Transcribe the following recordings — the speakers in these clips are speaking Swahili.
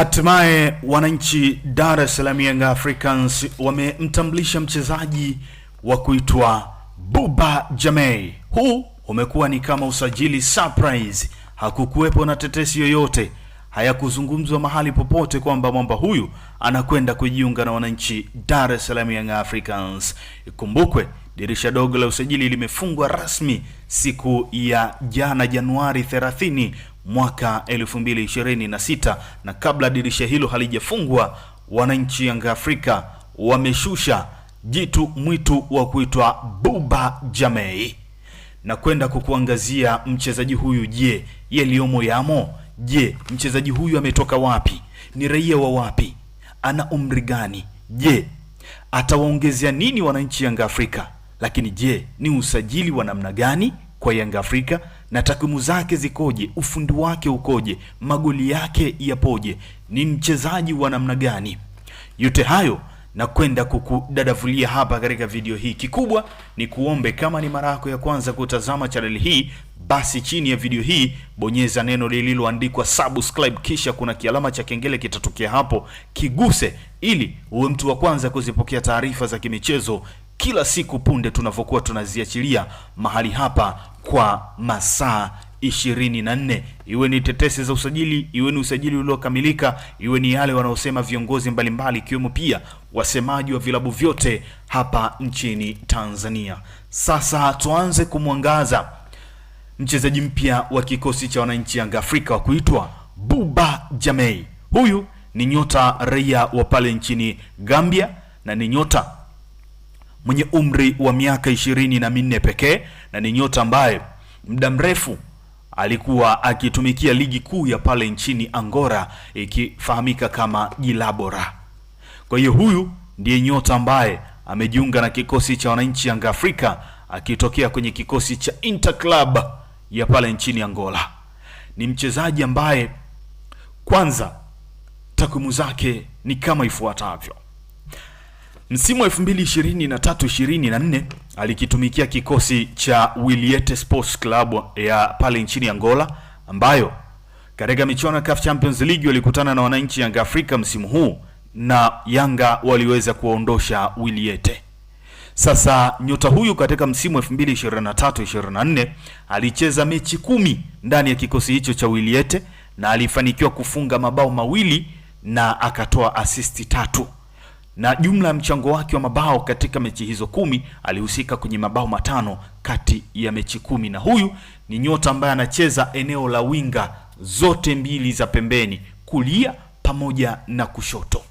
Hatimaye wananchi Dar es Salaam Young Africans wamemtambulisha mchezaji wa kuitwa Buba Jammeh. Huu umekuwa ni kama usajili surprise, hakukuwepo na tetesi yoyote, hayakuzungumzwa mahali popote kwamba mwamba huyu anakwenda kujiunga na wananchi Dar es Salaam Young Africans. Ikumbukwe Dirisha dogo la usajili limefungwa rasmi siku ya jana Januari 30 mwaka 2026, na kabla dirisha hilo halijafungwa, wananchi Yanga Afrika wameshusha jitu mwitu wa kuitwa Buba Jamei na kwenda kukuangazia mchezaji huyu. Je, yaliyomo yamo? Je, mchezaji huyu ametoka wapi? Ni raia wa wapi? Ana umri gani? Je, atawaongezea nini wananchi Yanga Afrika? lakini je, ni usajili wa namna gani kwa Yanga Afrika na takwimu zake zikoje? Ufundi wake ukoje? Magoli yake yapoje? Ni mchezaji wa namna gani? Yote hayo na kwenda kukudadavulia hapa katika video hii. Kikubwa ni kuombe kama ni mara yako ya kwanza kutazama chaneli hii, basi chini ya video hii bonyeza neno lililoandikwa subscribe, kisha kuna kialama cha kengele kitatokea hapo, kiguse ili uwe mtu wa kwanza kuzipokea taarifa za kimichezo kila siku punde tunavyokuwa tunaziachilia mahali hapa kwa masaa ishirini na nne iwe ni tetesi za usajili, iwe ni usajili uliokamilika, iwe ni yale wanaosema viongozi mbalimbali, ikiwemo pia wasemaji wa vilabu vyote hapa nchini Tanzania. Sasa tuanze kumwangaza mchezaji mpya wa kikosi cha wananchi Yanga Afrika wa kuitwa Buba Jamei. Huyu ni nyota raia wa pale nchini Gambia na ni nyota mwenye umri wa miaka ishirini na minne pekee na ni nyota ambaye muda mrefu alikuwa akitumikia ligi kuu ya pale nchini angora ikifahamika kama Jilabora. Kwa hiyo huyu ndiye nyota ambaye amejiunga na kikosi cha wananchi Yanga Afrika akitokea kwenye kikosi cha Inter Club ya pale nchini Angola. Ni mchezaji ambaye kwanza takwimu zake ni kama ifuatavyo. Msimu wa 2023-2024 alikitumikia kikosi cha Wiliete Sports Club ya pale nchini Angola ambayo katika michuano ya CAF Champions League walikutana na wananchi Yanga Afrika msimu huu na Yanga waliweza kuwaondosha Wiliete. Sasa nyota huyu katika msimu 2023-2024 alicheza mechi kumi ndani ya kikosi hicho cha Wiliete na alifanikiwa kufunga mabao mawili na akatoa asisti tatu na jumla ya mchango wake wa mabao katika mechi hizo kumi alihusika kwenye mabao matano kati ya mechi kumi, na huyu ni nyota ambaye anacheza eneo la winga zote mbili za pembeni, kulia pamoja na kushoto.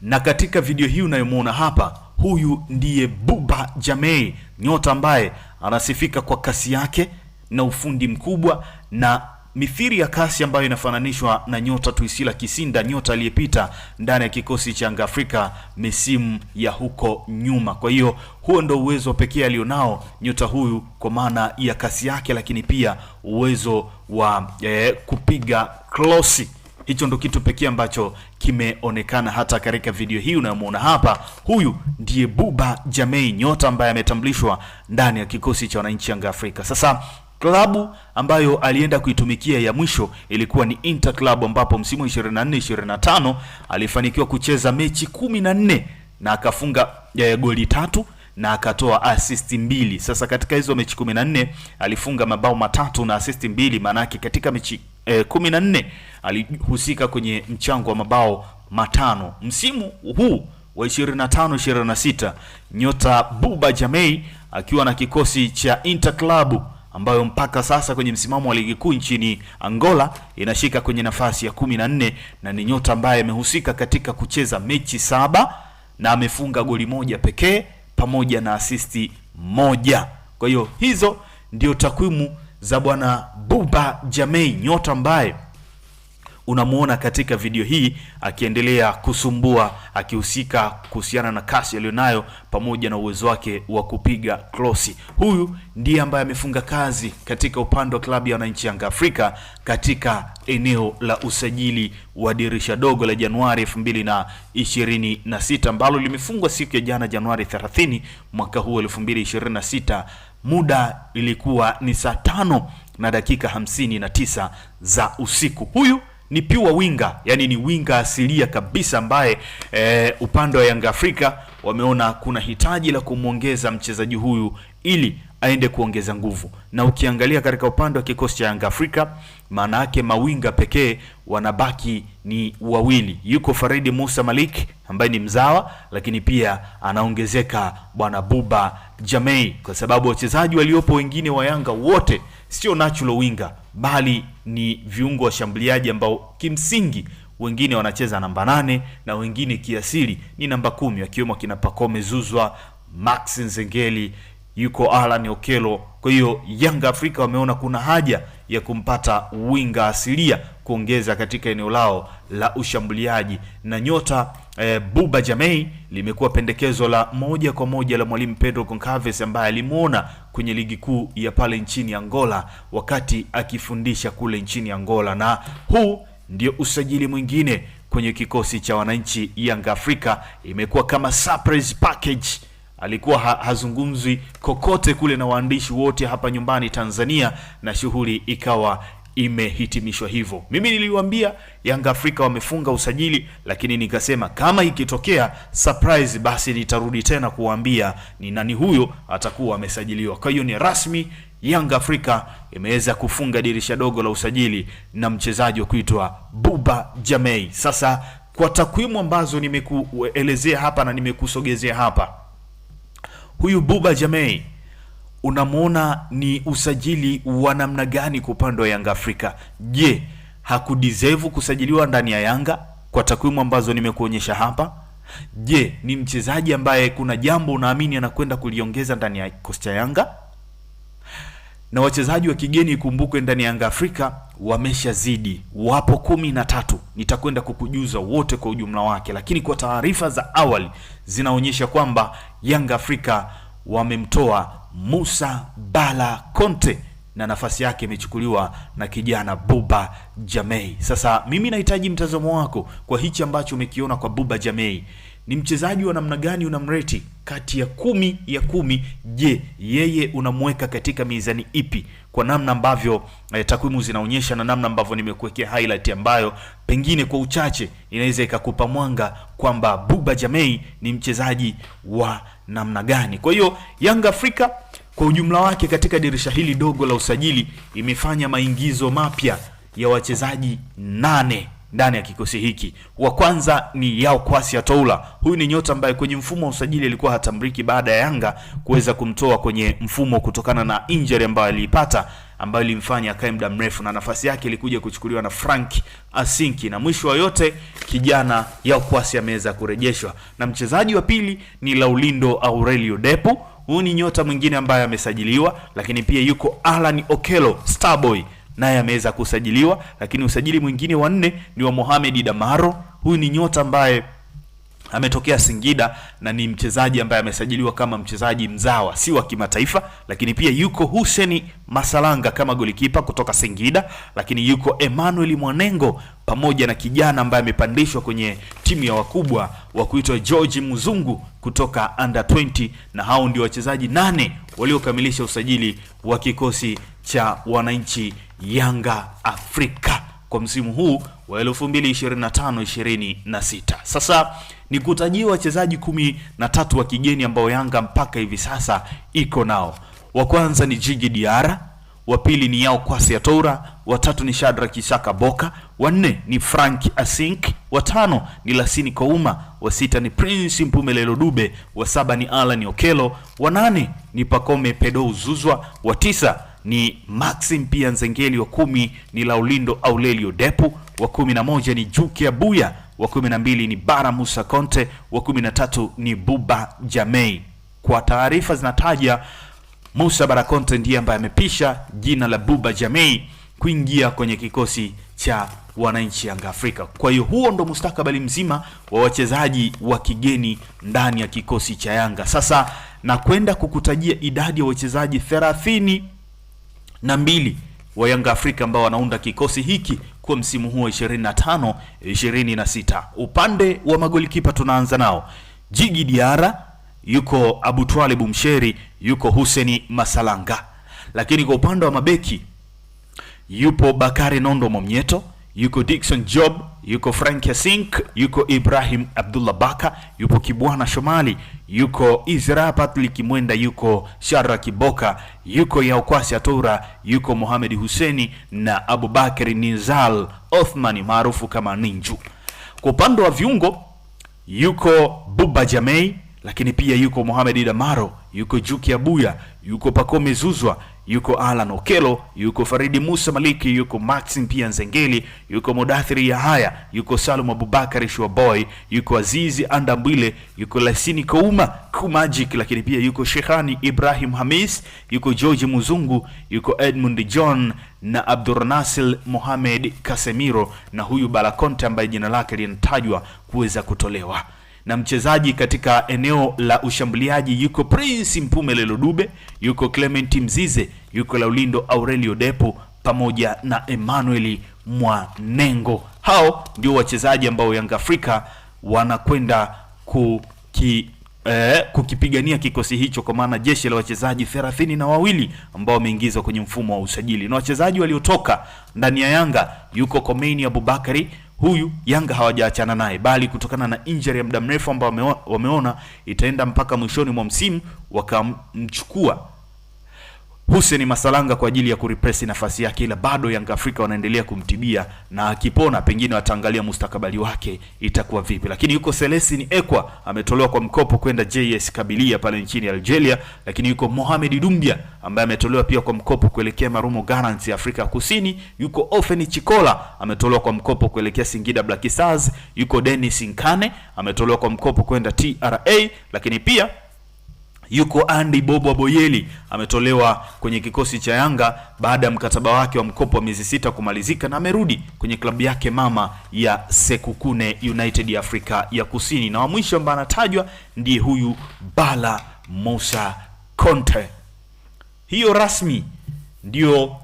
Na katika video hii unayomwona hapa, huyu ndiye Buba jamei nyota ambaye anasifika kwa kasi yake na ufundi mkubwa na mithiri ya kasi ambayo inafananishwa na nyota Tuisila Kisinda, nyota aliyepita ndani ya kikosi cha Yanga Afrika misimu ya huko nyuma. Kwa hiyo huo ndo uwezo pekee alionao nyota huyu kwa maana ya kasi yake, lakini pia uwezo wa eh, kupiga klosi hicho ndo kitu pekee ambacho kimeonekana hata katika video hii unayomuona hapa. Huyu ndiye Buba Jamei, nyota ambaye ametambulishwa ndani ya kikosi cha wananchi Yanga Afrika. Sasa Klabu ambayo alienda kuitumikia ya mwisho ilikuwa ni Inter Club ambapo msimu 24 25 alifanikiwa kucheza mechi 14 na akafunga eh, goli tatu na akatoa assist mbili. Sasa katika hizo mechi 14 alifunga mabao matatu na assist mbili, maana katika mechi eh, 14 alihusika kwenye mchango wa mabao matano. Msimu huu wa 25 26 nyota Buba Jamei akiwa na kikosi cha Inter Club ambayo mpaka sasa kwenye msimamo wa ligi kuu nchini Angola inashika kwenye nafasi ya kumi na nne na ni nyota ambaye amehusika katika kucheza mechi saba na amefunga goli moja pekee pamoja na asisti moja. Kwa hiyo hizo ndio takwimu za bwana Buba jamei nyota ambaye unamwona katika video hii akiendelea kusumbua, akihusika kuhusiana na kasi aliyonayo pamoja na uwezo wake wa kupiga krosi. Huyu ndiye ambaye amefunga kazi katika upande wa klabu ya wananchi Yanga Afrika katika eneo la usajili wa dirisha dogo la Januari 2026 ambalo limefungwa siku ya jana Januari 30 mwaka huu 2026. Muda ilikuwa ni saa tano na dakika hamsini na tisa za usiku. Huyu ni piwa winga, yani ni winga asilia kabisa ambaye eh, upande wa Yanga Afrika wameona kuna hitaji la kumwongeza mchezaji huyu ili aende kuongeza nguvu, na ukiangalia katika upande wa kikosi cha Yanga Afrika, maana yake mawinga pekee wanabaki ni wawili. Yuko Faridi Musa Malik ambaye ni mzawa, lakini pia anaongezeka bwana Buba Jamei, kwa sababu wachezaji waliopo wengine wa Yanga wote sio natural winga, bali ni viungo washambuliaji ambao kimsingi wengine wanacheza namba nane na wengine kiasili ni namba kumi, akiwemo akina pakome Zuzwa, Max Nzengeli, yuko Alan Okelo. Kwa hiyo Yanga Afrika wameona kuna haja ya kumpata winga asilia kuongeza katika eneo lao la ushambuliaji na nyota eh, Buba Jamei limekuwa pendekezo la moja kwa moja la mwalimu Pedro Gonçalves ambaye alimuona kwenye ligi kuu ya pale nchini Angola wakati akifundisha kule nchini Angola, na huu ndio usajili mwingine kwenye kikosi cha wananchi Young Africa, imekuwa kama surprise package. Alikuwa ha hazungumzwi kokote kule na waandishi wote hapa nyumbani Tanzania, na shughuli ikawa imehitimishwa hivyo. Mimi niliwambia Yanga Afrika wamefunga usajili, lakini nikasema kama ikitokea surprise, basi nitarudi tena kuwambia ni nani huyo atakuwa amesajiliwa. Kwa hiyo ni rasmi, Yanga Afrika imeweza kufunga dirisha dogo la usajili na mchezaji wa kuitwa Buba Jamei. Sasa kwa takwimu ambazo nimekuelezea hapa na nimekusogezea hapa, huyu Buba Jamei unamwona ni usajili wa namna gani kwa upande wa Yanga Afrika? Je, hakudeserve kusajiliwa ndani ya Yanga kwa takwimu ambazo nimekuonyesha hapa? Je, ni mchezaji ambaye kuna jambo unaamini anakwenda kuliongeza ndani ya kikosi cha Yanga? Na wachezaji wa kigeni ikumbukwe, ndani ya Yanga Afrika wameshazidi, wapo kumi na tatu. Nitakwenda kukujuza wote kwa ujumla wake, lakini kwa taarifa za awali zinaonyesha kwamba Yanga Afrika wamemtoa Musa Bala Conte na nafasi yake imechukuliwa na kijana Buba Jamei. Sasa mimi nahitaji mtazamo wako kwa hichi ambacho umekiona kwa Buba Jamei. Ni mchezaji wa namna gani unamreti kati ya kumi ya kumi? Je, yeye unamweka katika mizani ipi kwa namna ambavyo eh, takwimu zinaonyesha na namna ambavyo nimekuwekea highlight ambayo pengine kwa uchache inaweza ikakupa mwanga kwamba Buba Jamei ni mchezaji wa namna gani. Kwa hiyo Yanga Afrika kwa ujumla wake katika dirisha hili dogo la usajili imefanya maingizo mapya ya wachezaji nane ndani ya kikosi hiki. Wa kwanza ni Yao Kwasi Atoula. Huyu ni nyota ambaye kwenye mfumo wa usajili alikuwa hatambriki baada ya Yanga kuweza kumtoa kwenye mfumo kutokana na injury ambayo aliipata ambayo ilimfanya akae muda mrefu, na nafasi yake ilikuja kuchukuliwa na Frank Asinki, na mwisho wa yote kijana Yaokwasi ameweza kurejeshwa, na mchezaji wa pili ni Laulindo Aurelio Depo. Huyu ni nyota mwingine ambaye amesajiliwa, lakini pia yuko Alan Okelo Starboy naye ameweza kusajiliwa, lakini usajili mwingine wa nne ni wa Mohamed Damaro. Huyu ni nyota ambaye ametokea Singida na ni mchezaji ambaye amesajiliwa kama mchezaji mzawa, si wa kimataifa. Lakini pia yuko huseni Masalanga kama golikipa kutoka Singida, lakini yuko Emmanuel Mwanengo pamoja na kijana ambaye amepandishwa kwenye timu ya wakubwa wa kuitwa George muzungu kutoka under 20, na hao ndio wachezaji nane waliokamilisha usajili wa kikosi cha wananchi Yanga Afrika kwa msimu huu wa 2025 26. Sasa ni kutajia wachezaji kumi na tatu wa kigeni ambao Yanga mpaka hivi sasa iko nao. Wa kwanza ni Jigi Diara, wa pili ni Yao Kwasi Atoura, wa tatu ni Shadra Kishaka Boka, wa nne ni Frank Asink, wa tano ni Lasini Kouma, wa sita ni Prince Mpumelelo Dube, wa saba ni Alan Okelo, wa nane ni Pakome Pedo Zuzwa, wa tisa ni Maxim pia Nzengeli, wa kumi ni Laulindo Aurelio Depu, wa kumi na moja ni Juke Abuya wa 12 ni Bara Musa Conte, wa 13 ni Buba Jamei. Kwa taarifa zinataja Musa Bara Conte ndiye ambaye amepisha jina la Buba Jamei kuingia kwenye kikosi cha wananchi Yanga Afrika. Kwa hiyo huo ndo mustakabali mzima wa wachezaji wa kigeni ndani ya kikosi cha Yanga. Sasa nakwenda kukutajia idadi ya wachezaji thelathini na mbili wa Yanga Afrika ambao wanaunda kikosi hiki kwa msimu huu wa 25 26. Upande wa magolikipa tunaanza nao Jigi Diara, yuko Abutwalib Msheri, yuko Huseni Masalanga, lakini kwa upande wa mabeki yupo Bakari Nondo Momnyeto yuko Dickson Job, yuko Frank Yasink, yuko Ibrahim Abdullah Baka, yupo Kibwana Shomali, yuko Izra Patrick Mwenda, yuko Shara Kiboka, yuko Yaokwasi Atura, yuko Mohamed Huseni na Abubakar Nizal Othman maarufu kama Ninju. Kwa upande wa viungo yuko Buba Jamei lakini pia yuko Mohamed damaro yuko Juki Abuya, yuko Pacome Zuzwa, yuko Alan Okelo, yuko Faridi Musa Maliki, yuko Maxim pia Nzengeli, yuko ya Yahaya, yuko Salum Abubakari Boy, yuko Azizi Andambwile, yuko Lasini Kouma Kumajik, lakini pia yuko Shekhani Ibrahim Hamis, yuko George Muzungu, yuko Edmund John na Abdurnasil Mohamed Kasemiro na huyu Balakonte ambaye jina lake linatajwa kuweza kutolewa na mchezaji katika eneo la ushambuliaji yuko Prince Mpumelelo Dube, yuko Clement Mzize, yuko Laulindo Aurelio Depo pamoja na Emmanuel Mwanengo. Hao ndio wachezaji ambao Yanga Afrika wanakwenda kuki Eh, kukipigania kikosi hicho kwa maana jeshi la wachezaji thelathini na wawili ambao wameingizwa kwenye mfumo wa usajili na wachezaji waliotoka ndani ya Yanga, yuko Komeini Abubakari huyu Yanga hawajaachana naye, bali kutokana na injury ya muda mrefu ambao wameona itaenda mpaka mwishoni mwa msimu wakamchukua Hussein Masalanga kwa ajili ya kurepress nafasi yake, ila bado Yanga Afrika wanaendelea kumtibia na akipona, pengine wataangalia mustakabali wake itakuwa vipi. Lakini yuko Selesini Ekwa ametolewa kwa mkopo kwenda JS Kabilia pale nchini Algeria, lakini yuko Mohamed Dumbia ambaye ametolewa pia kwa mkopo kuelekea Marumo Gallants ya Afrika Kusini, yuko Ofeni Chikola ametolewa kwa mkopo kuelekea Singida Black Stars, yuko Dennis Nkane ametolewa kwa mkopo kwenda TRA, lakini pia yuko Andy Bobo Boyeli ametolewa kwenye kikosi cha Yanga baada ya mkataba wake wa mkopo wa miezi sita kumalizika na amerudi kwenye klabu yake mama ya Sekukune United ya Afrika ya Kusini, na wa mwisho ambaye anatajwa ndiye huyu Bala Musa Conte. Hiyo rasmi ndio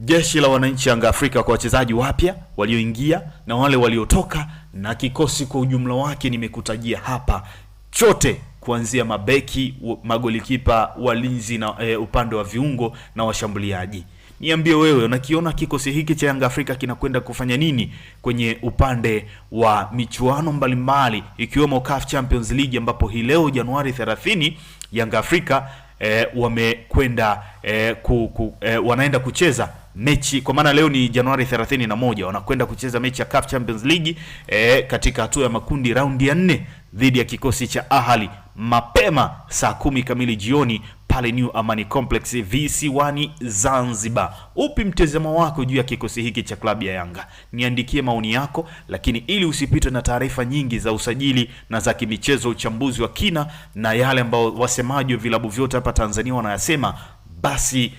jeshi la wananchi Yanga Afrika kwa wachezaji wapya walioingia na wale waliotoka na kikosi kwa ujumla wake nimekutajia hapa chote kuanzia mabeki, magolikipa, walinzi na e, upande wa viungo na washambuliaji. Niambie wewe unakiona kikosi hiki cha Yanga Afrika kinakwenda kufanya nini kwenye upande wa michuano mbalimbali ikiwemo CAF Champions League ambapo hii leo Januari 30 Yanga Afrika e, wamekwenda e, ku, ku, e, wanaenda kucheza mechi kwa maana leo ni Januari 31 wanakwenda kucheza mechi ya CAF Champions League e, katika hatua ya makundi raundi ya nne dhidi ya kikosi cha ahali mapema saa kumi kamili jioni pale New Amani Complex visiwani Zanzibar. Upi mtazamo wako juu ya kikosi hiki cha klabu ya Yanga? Niandikie maoni yako, lakini ili usipitwe na taarifa nyingi za usajili na za kimichezo, uchambuzi wa kina na yale ambayo wasemaji wa vilabu vyote hapa Tanzania wanayasema, basi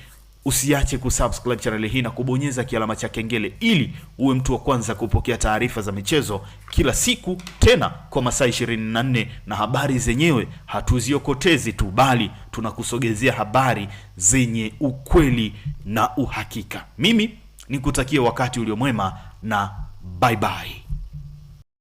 usiache kusubscribe chaneli hii na kubonyeza kialama cha kengele ili uwe mtu wa kwanza kupokea taarifa za michezo kila siku, tena kwa masaa 24, na habari zenyewe hatuziokotezi tu, bali tunakusogezea habari zenye ukweli na uhakika. Mimi nikutakie wakati uliomwema na bye bye.